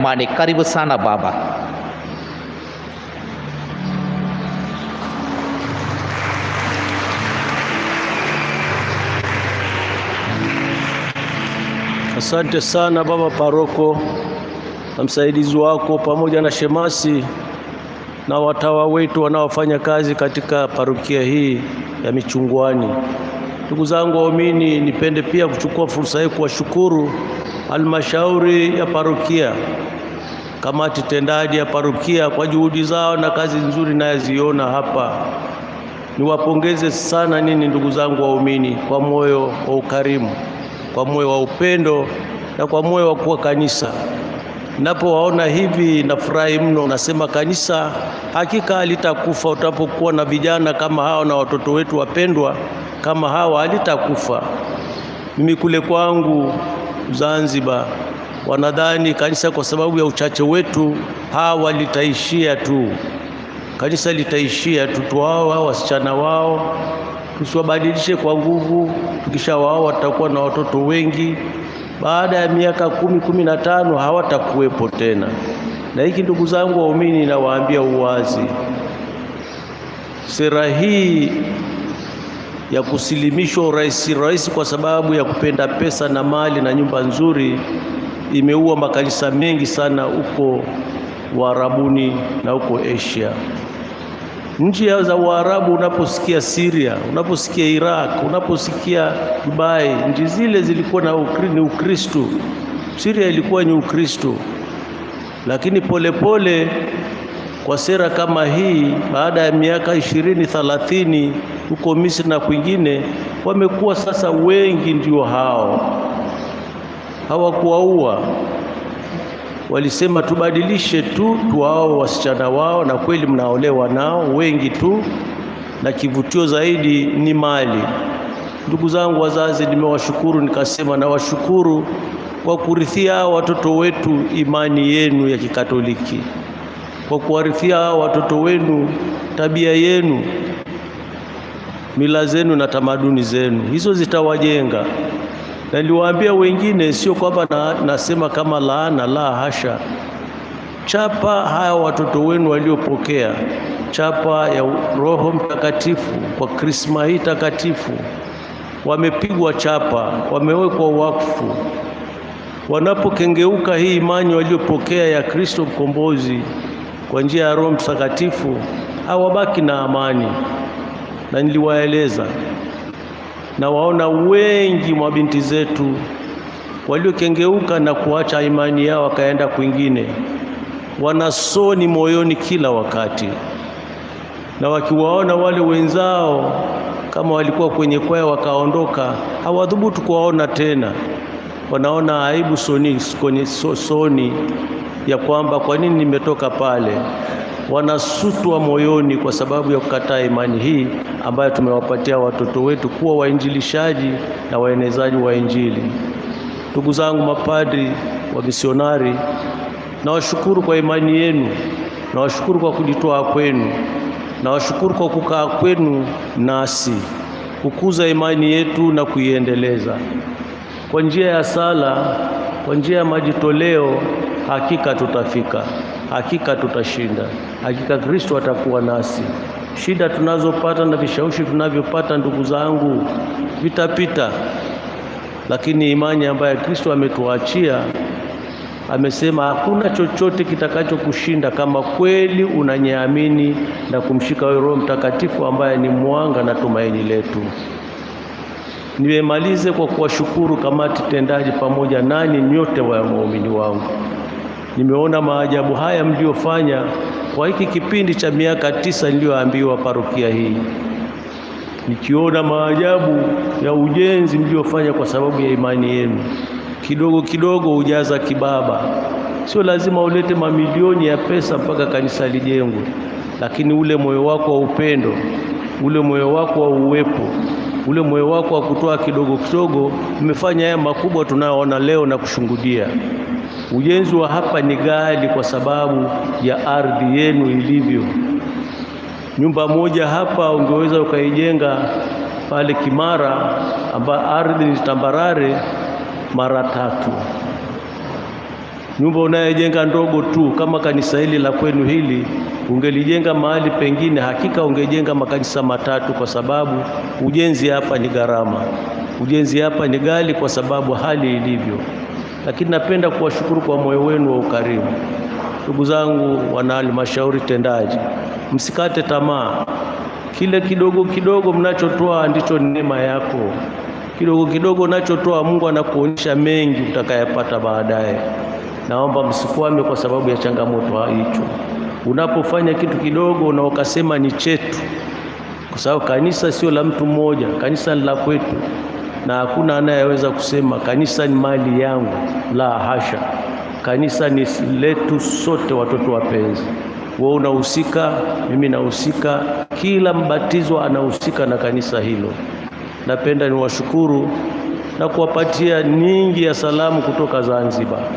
Mani, karibu sana baba. Asante sana baba paroko na msaidizi wako pamoja na shemasi na watawa wetu wanaofanya kazi katika parokia hii ya Michungwani. Ndugu zangu waumini, nipende pia kuchukua fursa hii kuwashukuru halmashauri ya parokia, kamati tendaji ya parokia kwa juhudi zao na kazi nzuri nayoziona hapa. Niwapongeze sana nini, ndugu zangu waumini, kwa moyo wa ukarimu, kwa moyo wa upendo na kwa moyo wa kuwa kanisa. Napowaona hivi nafurahi mno, nasema kanisa hakika litakufa utapokuwa na vijana kama hao na watoto wetu wapendwa kama hawa alitakufa. Mimi kule kwangu Zanzibar wanadhani kanisa kwa sababu ya uchache wetu hawa litaishia tu, kanisa litaishia tu tu, hawa wasichana wao tusiwabadilishe kwa nguvu, tukisha wao watakuwa na watoto wengi, baada ya miaka kumi kumi na tano hawatakuwepo tena. Na hiki ndugu zangu waumini, nawaambia uwazi, sera hii ya kusilimishwa urais rais kwa sababu ya kupenda pesa na mali na nyumba nzuri imeua makanisa mengi sana huko Waarabuni na huko Asia. Nchi za Waarabu, unaposikia Syria, unaposikia Iraq, unaposikia Dubai, nchi zile zilikuwa na ukri, ni Ukristo. Syria ilikuwa ni Ukristo, lakini polepole pole, kwa sera kama hii, baada ya miaka ishirini thalathini huko Misri na kwingine, wamekuwa sasa wengi ndio hao. Hawakuwaua, walisema tubadilishe tu, tuwao wasichana wao, na kweli mnaolewa nao wengi tu, na kivutio zaidi ni mali. Ndugu zangu wazazi, nimewashukuru nikasema, nawashukuru kwa kurithia watoto wetu imani yenu ya Kikatoliki, kwa kuwarithia watoto wenu tabia yenu mila zenu na tamaduni zenu, hizo zitawajenga. Na niliwaambia wengine, sio kwamba na, nasema kama laana, la hasha. Chapa haya watoto wenu waliopokea chapa ya Roho Mtakatifu kwa Krisma hii takatifu, wamepigwa chapa, wamewekwa wakfu wanapokengeuka hii imani waliopokea ya Kristo mkombozi kwa njia ya Roho Mtakatifu hawabaki na amani na niliwaeleza, na waona wengi mwa binti zetu waliokengeuka na kuacha imani yao wakaenda kwingine, wanasoni moyoni kila wakati, na wakiwaona wale wenzao kama walikuwa kwenye kwaya wakaondoka, hawadhubutu kuwaona tena, wanaona aibu soni, soni ya kwamba kwa nini nimetoka pale wanasutwa moyoni kwa sababu ya kukataa imani hii ambayo tumewapatia watoto wetu kuwa wainjilishaji na waenezaji wa Injili. Ndugu zangu mapadri wa misionari, nawashukuru kwa imani yenu, nawashukuru kwa kujitoa kwenu, nawashukuru kwa kukaa kwenu nasi kukuza imani yetu na kuiendeleza kwa njia ya sala kwa njia ya majitoleo, hakika tutafika, hakika tutashinda, hakika Kristo atakuwa nasi. Shida tunazopata na vishawishi tunavyopata, ndugu zangu, vitapita, lakini imani ambayo Kristo ametuachia amesema hakuna chochote kitakachokushinda kama kweli unanyeamini na kumshika wewe Roho Mtakatifu ambaye ni mwanga na tumaini letu. Niwemalize kwa kuwashukuru kamati tendaji pamoja nanyi nyote wa waumini wangu. Nimeona maajabu haya mliofanya kwa hiki kipindi cha miaka tisa niliyoambiwa parokia hii, nikiona maajabu ya ujenzi mliofanya kwa sababu ya imani yenu. Kidogo kidogo hujaza kibaba, sio lazima ulete mamilioni ya pesa mpaka kanisa lijengwe, lakini ule moyo wako wa upendo, ule moyo wako wa uwepo ule moyo wako wa kutoa kidogo kidogo, umefanya haya makubwa tunayoona leo na kushungudia. Ujenzi wa hapa ni ghali kwa sababu ya ardhi yenu ilivyo. Nyumba moja hapa ungeweza ukaijenga pale Kimara, ambayo ardhi ni tambarare, mara tatu. Nyumba unayojenga ndogo tu, kama kanisa hili la kwenu hili ungelijenga mahali pengine, hakika ungejenga makanisa matatu, kwa sababu ujenzi hapa ni gharama, ujenzi hapa ni ghali, kwa sababu hali ilivyo. Lakini napenda kuwashukuru kwa moyo wenu wa ukarimu. Ndugu zangu wana halmashauri tendaji, msikate tamaa. Kile kidogo kidogo mnachotoa ndicho neema yako kidogo kidogo unachotoa Mungu anakuonyesha mengi utakayapata baadaye naomba msikwame kwa sababu ya changamoto hicho. Unapofanya kitu kidogo na ukasema ni chetu, kwa sababu kanisa sio la mtu mmoja, kanisa ni la kwetu, na hakuna anayeweza kusema kanisa ni mali yangu. La hasha, kanisa ni letu sote, watoto wapenzi. Wewe unahusika, mimi nahusika, kila mbatizwa anahusika na kanisa hilo. Napenda niwashukuru na kuwapatia nyingi ya salamu kutoka Zanzibar.